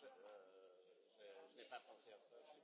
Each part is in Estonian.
je, euh, je, je n'ai pas pensé à ça. Je,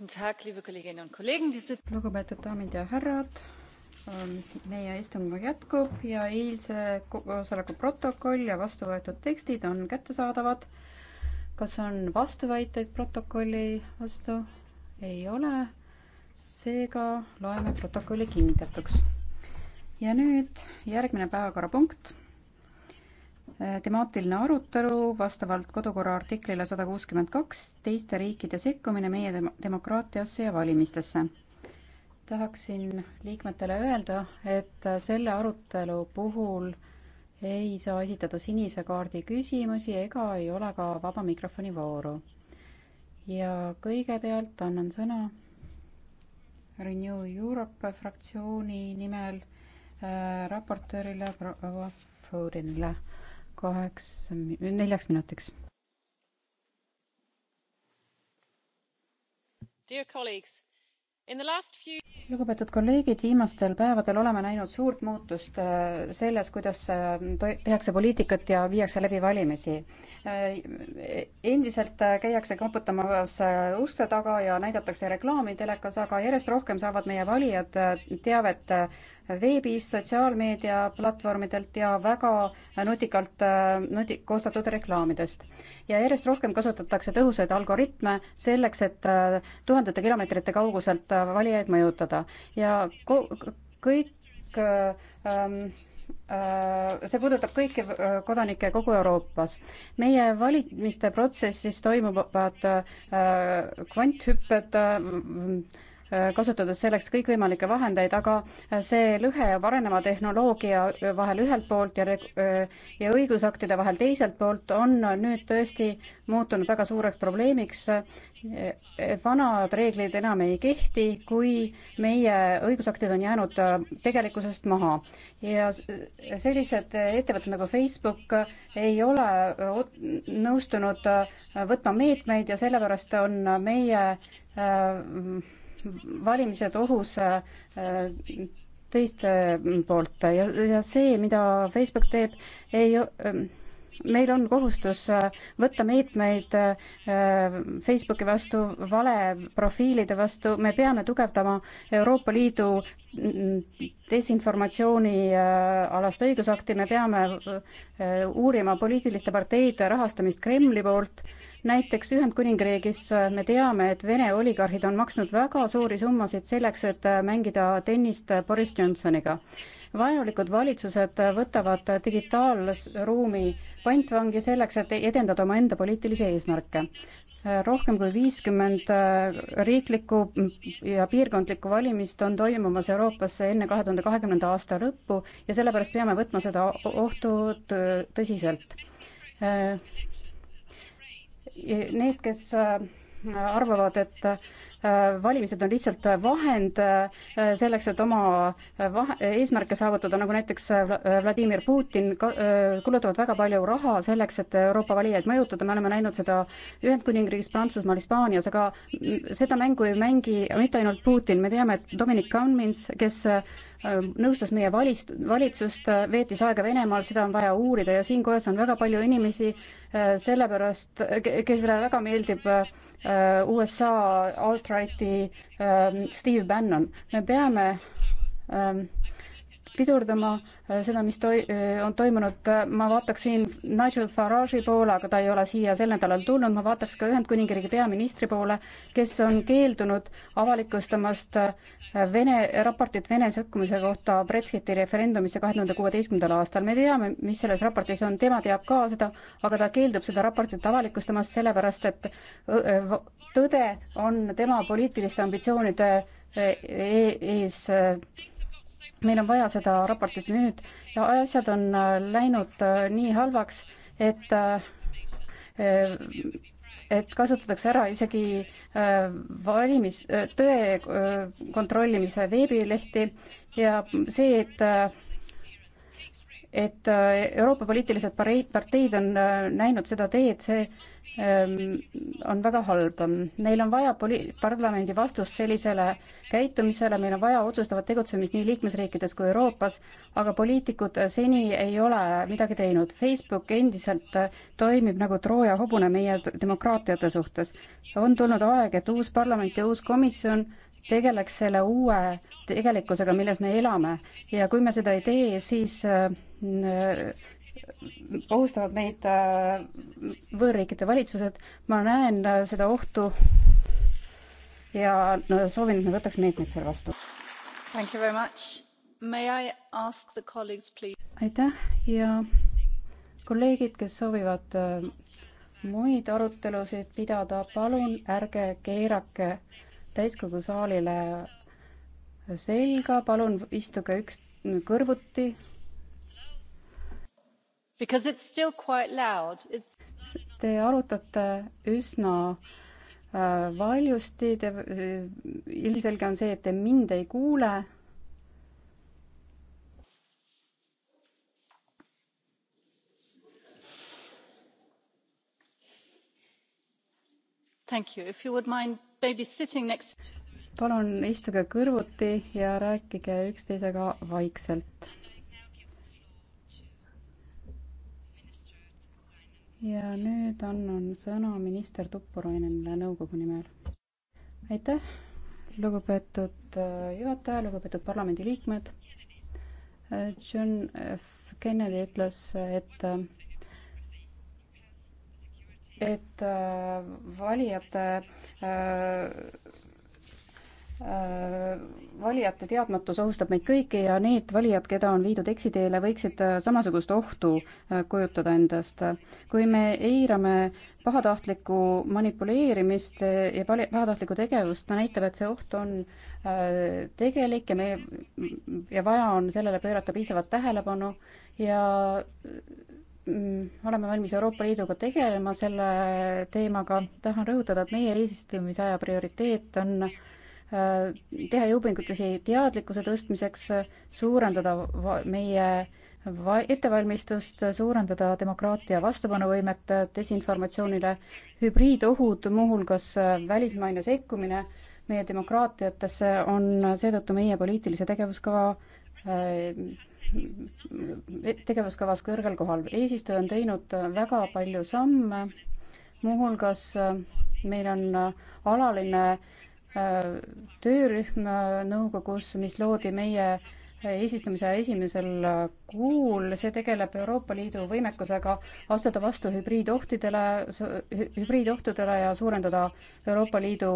lugupeetud daamid ja härrad, ähm, meie istung jätkub ja eilse koosoleku protokoll ja vastu võetud tekstid on kättesaadavad. kas on vastuväiteid protokolli vastu? ei ole. seega loeme protokolli kinnitatuks. ja nüüd järgmine päevakorrapunkt Äh, temaatiline arutelu vastavalt kodukorra artiklile sada kuuskümmend kaks, teiste riikide sekkumine meie dem-, demokraatiasse ja valimistesse. tahaksin liikmetele öelda, et selle arutelu puhul ei saa esitada sinise kaardi küsimusi ega ei ole ka vaba mikrofoni vooru. ja kõigepealt annan sõna Renew Europe fraktsiooni nimel äh, raportöörile proua Fodenile kaheks, neljaks minutiks. lugupeetud kolleegid, viimastel päevadel oleme näinud suurt muutust äh, selles, kuidas äh, tehakse poliitikat ja viiakse läbi valimisi. Äh, endiselt käiakse koputamas uste taga ja näidatakse reklaami telekas, aga järjest rohkem saavad meie valijad teavet veebis, sotsiaalmeedia platvormidelt ja väga nutikalt nuti-, koostatud reklaamidest. ja järjest rohkem kasutatakse tõhusaid algoritme selleks, et äh, tuhandete kilomeetrite kauguselt äh, valijaid mõjutada ja ko-, kõik äh, ähm, see puudutab kõiki kodanikke kogu Euroopas. meie valimiste protsessis toimuvad kvanthüpped, kasutades selleks kõikvõimalikke vahendeid, aga see lõhe jääb areneva tehnoloogia vahel ühelt poolt ja ja õigusaktide vahel teiselt poolt on nüüd tõesti muutunud väga suureks probleemiks. vanad reeglid enam ei kehti, kui meie õigusaktid on jäänud tegelikkusest maha ja sellised ettevõtted nagu Facebook ei ole nõustunud võtma meetmeid ja sellepärast on meie äh, valimised ohus äh, teiste poolt ja, ja see, mida Facebook teeb, ei ähm, meil on kohustus äh, võtta meetmeid äh, Facebooki vastu, valeprofiilide vastu, me peame tugevdama Euroopa Liidu mm, desinformatsiooni alast õigusakti, me peame uurima poliitiliste parteide rahastamist Kremli poolt näiteks Ühendkuningriigis äh, me teame, et Vene oligarhid on maksnud väga suuri summasid selleks, et äh, mängida tennist äh, Boris Johnsoniga. vaenulikud valitsused võtavad digitaalruumi pantvangi selleks, et edendada omaenda poliitilisi eesmärke rohkem kui viiskümmend riiklikku ja piirkondlikku valimist on toimumas Euroopasse enne kahe tuhande kahekümnenda aasta lõppu ja sellepärast peame võtma seda ohtu tõsiselt. Need, kes äh, arvavad, et valimised on lihtsalt vahend äh, selleks, et oma äh, vahe, eesmärke saavutada, nagu näiteks äh, Vladimir Putin kulutavad väga palju raha selleks, et Euroopa valijaid mõjutada, me oleme näinud seda Ühendkuningriigis, Prantsusmaal, Hispaanias, aga mm, seda mängu ei mängi mitte ainult Putin, me teame, et Dominic Cummins, kes nõustas meie valist-, valitsust, veetis aega Venemaal, seda on vaja uurida ja siin kojas on väga palju inimesi sellepärast, kellele väga meeldib äh, Äh, USA alt-righti äh, Steve Bannon. me peame ähm, pidurdama äh, seda, mis toi-, äh, on toimunud, ma vaataks siin Nigel Farage'i poole, aga ta ei ole siia sel nädalal tulnud, ma vaataks ka Ühendkuningriigi peaministri poole, kes on keeldunud avalikustamast äh, Vene, raportit Vene sekkumise kohta Brexiti referendumisse kahe tuhande kuueteistkümnendal aastal. me teame, mis selles raportis on, tema teab ka seda, aga ta keeldub seda raportit avalikustamast, sellepärast et tõde on tema poliitiliste ambitsioonide e-, ees meil on vaja seda raportit nüüd ja asjad on äh, läinud äh, nii halvaks, et äh, et kasutatakse ära isegi valimis, tõe kontrollimise veebilehti ja see, et et Euroopa poliitilised pareid, parteid on näinud seda teed, see Ehm, on väga halb. meil on vaja poli-, parlamendi vastust sellisele käitumisele, meil on vaja otsustavat tegutsemist nii liikmesriikides kui Euroopas, aga poliitikud seni ei ole midagi teinud. Facebook endiselt toimib nagu Trooja hobune meie demokraatiate suhtes. on tulnud aeg, et uus parlament ja uus komisjon tegeleks selle uue tegelikkusega, milles me elame ja kui me seda ei tee, siis äh, ohustavad meid äh, võõrriikide valitsused. ma näen äh, seda ohtu ja no, soovin, et me võtaks meetmeid selle vastu. aitäh ja kolleegid, kes soovivad äh, muid arutelusid pidada, palun ärge keerake täiskogu saalile selga, palun istuge üks kõrvuti Te arutate üsna äh, valjusti, te, äh, ilmselge on see, et te mind ei kuule. palun istuge kõrvuti ja rääkige üksteisega vaikselt ja nüüd annan sõna minister Tuppurainenile nõukogu nimel. aitäh, lugupeetud äh, juhataja, lugupeetud parlamendiliikmed. Äh, John F Kennedy ütles, et et äh, valijate Äh, valijate teadmatus ohustab meid kõiki ja need valijad, keda on viidud eksiteele, võiksid äh, samasugust ohtu äh, kujutada endast. kui me eirame pahatahtlikku manipuleerimist ja pahatahtlikku tegevust, ta näitab, et see oht on tegelik ja me, ja vaja on sellele pöörata piisavat tähelepanu ja mm, oleme valmis Euroopa Liiduga tegelema selle teemaga. tahan rõhutada, et meie eesistumisaja prioriteet on äh, Äh, teha jõupingutusi teadlikkuse tõstmiseks, suurendada meie ettevalmistust, suurendada demokraatia vastupanuvõimet äh, desinformatsioonile, hübriidohud, muuhulgas äh, välismaine sekkumine meie demokraatiatesse on seetõttu meie poliitilise tegevuskava tegevuskavas kõrgel kohal. eesistuja on teinud väga palju samme, muuhulgas meil on alaline töörühm nõukogus, mis loodi meie eesistumise esimesel kuul, see tegeleb Euroopa Liidu võimekusega astuda vastu hübriidohtidele, hübriidohtudele ja suurendada Euroopa Liidu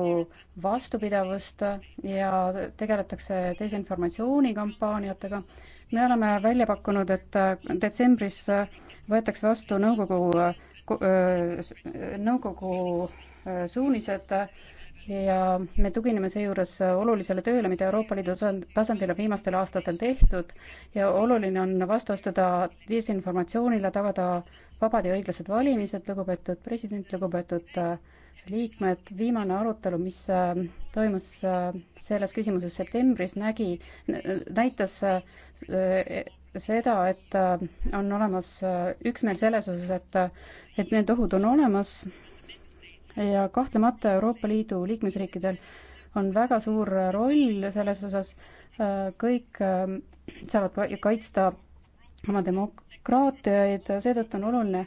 vastupidavust ja tegeletakse desinformatsioonikampaaniatega. me oleme välja pakkunud, et detsembris võetakse vastu nõukogu, nõukogu suunised ja me tugineme seejuures olulisele tööle, mida Euroopa Liidu tasandil on viimastel aastatel tehtud ja oluline on vastu astuda desinformatsioonile, tagada vabad ja õiglased valimised, lugupeetud president, lugupeetud äh, liikmed, viimane arutelu, mis äh, toimus äh, selles küsimuses septembris, nägi, näitas seda, et on olemas üksmeel selles osas, et, et need ohud on olemas ja kahtlemata Euroopa Liidu liikmesriikidel on väga suur roll selles osas, äh, kõik ähm, saavad kaitsta oma demokraatiaid, seetõttu on oluline